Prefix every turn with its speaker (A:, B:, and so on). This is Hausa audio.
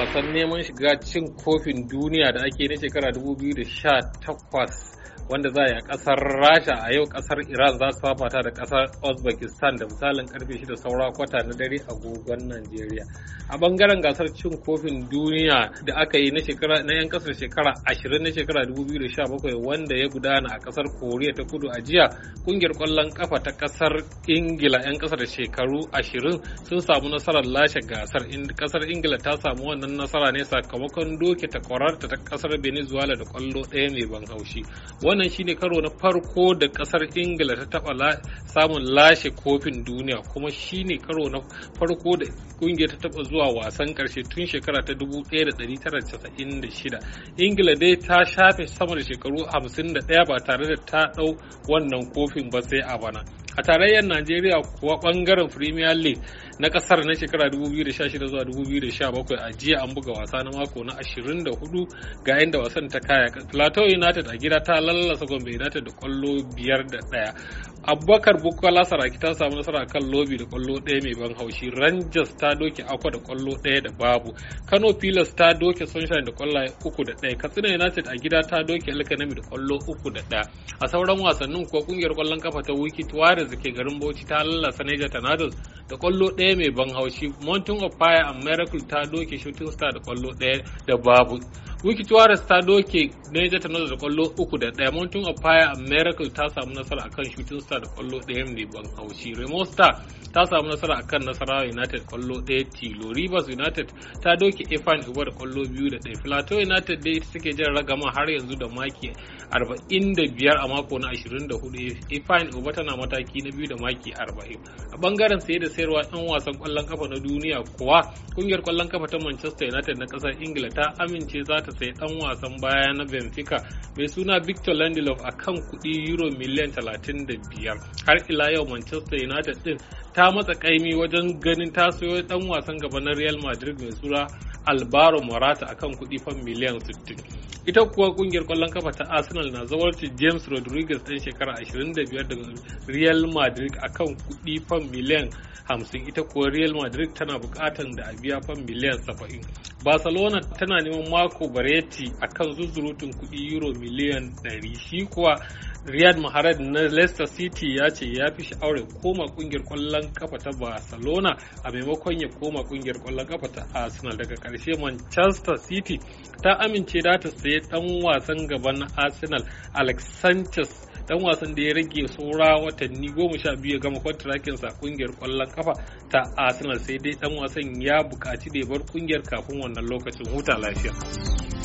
A: wasan neman shiga cin kofin duniya da ake na shekara 2018 wanda za a yi a kasar rasha a yau kasar iran za su fafata da kasar uzbekistan da misalin karfe shida saura kwata na dare a agogon najeriya a bangaren gasar cin kofin duniya da aka yi na shekara na yan kasar shekara 20 na shekara 2017 wanda ya gudana a kasar koriya ta kudu a jiya kungiyar kwallon kafa ta kasar ingila yan kasar shekaru 20 sun samu nasarar lashe gasar kasar ingila ta samu wannan nasara ne sakamakon doke ta kwararta ta kasar venezuela da kwallo ɗaya mai ban haushi wannan shine karo na farko da kasar ingila ta taba samun lashe kofin duniya kuma shine karo na farko da kungiyar ta taba zuwa wasan karshe tun shekara ta 1996 ingila dai ta shafe sama da shekaru 51 ba tare da ta dau wannan kofin ba sai a bana a tarayyar najeriya kuwa bangaren premier league na kasar na shekara 2016 zuwa 2017 a jiya an buga wasa na mako na 24 ga inda wasan ta kaya plateau united a gida ta lallasa gombe united da kwallo biyar da daya abubakar bukola saraki ta samu nasara kan lobi da kwallo ɗaya mai ban haushi rangers ta doke akwa da kwallo ɗaya da babu kano pilas ta doke sunshine da kwallaye uku da ɗaya katsina united a gida ta doke alkanami da kwallo uku da ɗaya a sauran wasannin kuwa kungiyar kwallon kafa ta wiki tuwares ke garin bauchi ta lallasa niger tornadoes da kwallo daya mai ban haushi mountain of fire and miracle ta doke shooting star da kwallo ɗaya da babu Wiki Tuwaras ta doke ta Tanoza da kwallo uku da ɗaya Mountain of Fire Miracle ta samu nasara akan Shooting Star da kwallo ɗaya mai ban haushi. Remo ta samu nasara akan Nasarawa United kwallo ɗaya tilo. Rivers United ta doke Efan Uba da kwallo biyu da ɗaya. Filato United dai suke jan ragama har yanzu da maki 45 a mako na 24. Efan Uba tana mataki na biyu da maki 40. A bangaren saye da sayarwa 'yan wasan kwallon kafa na duniya kuwa kungiyar kwallon kafa ta Manchester United na ƙasar Ingila ta amince za ta ta sai dan wasan baya na benfica mai suna victor lindelof a kan kudi euro miliyan 35 har ila yau manchester united din ta matsa kaimi wajen ganin ta sayo dan wasan gaba na real madrid mai suna Alvaro morata akan kudi fan miliyan 60 ita kuwa kungiyar kwallon kafa ta arsenal na zawarci james rodriguez ɗan shekara 25 daga real madrid akan kuɗi fan miliyan 50 ita kuwa real madrid tana bukatan da a biya fan miliyan saba'in. barcelona tana neman marco bareti a kan zuzurutun kuɗi euro miliyan 100 shi kuwa riyad mahrez na leicester city ya ce ya fi sha'awar koma kungiyar kwallon kafa ta barcelona a maimakon ya koma kungiyar kwallon kafa ta arsenal daga karshe manchester city ta amince da ta sayi dan wasan gaban arsenal alex sanchez dan wasan da ya rage saura watanni goma sha biyu ya gama kwantarakinsa a kungiyar kwallon kafa ta arsenal sai dai dan wasan ya bukaci da ya bar kungiyar kafin wannan lokacin huta lafiya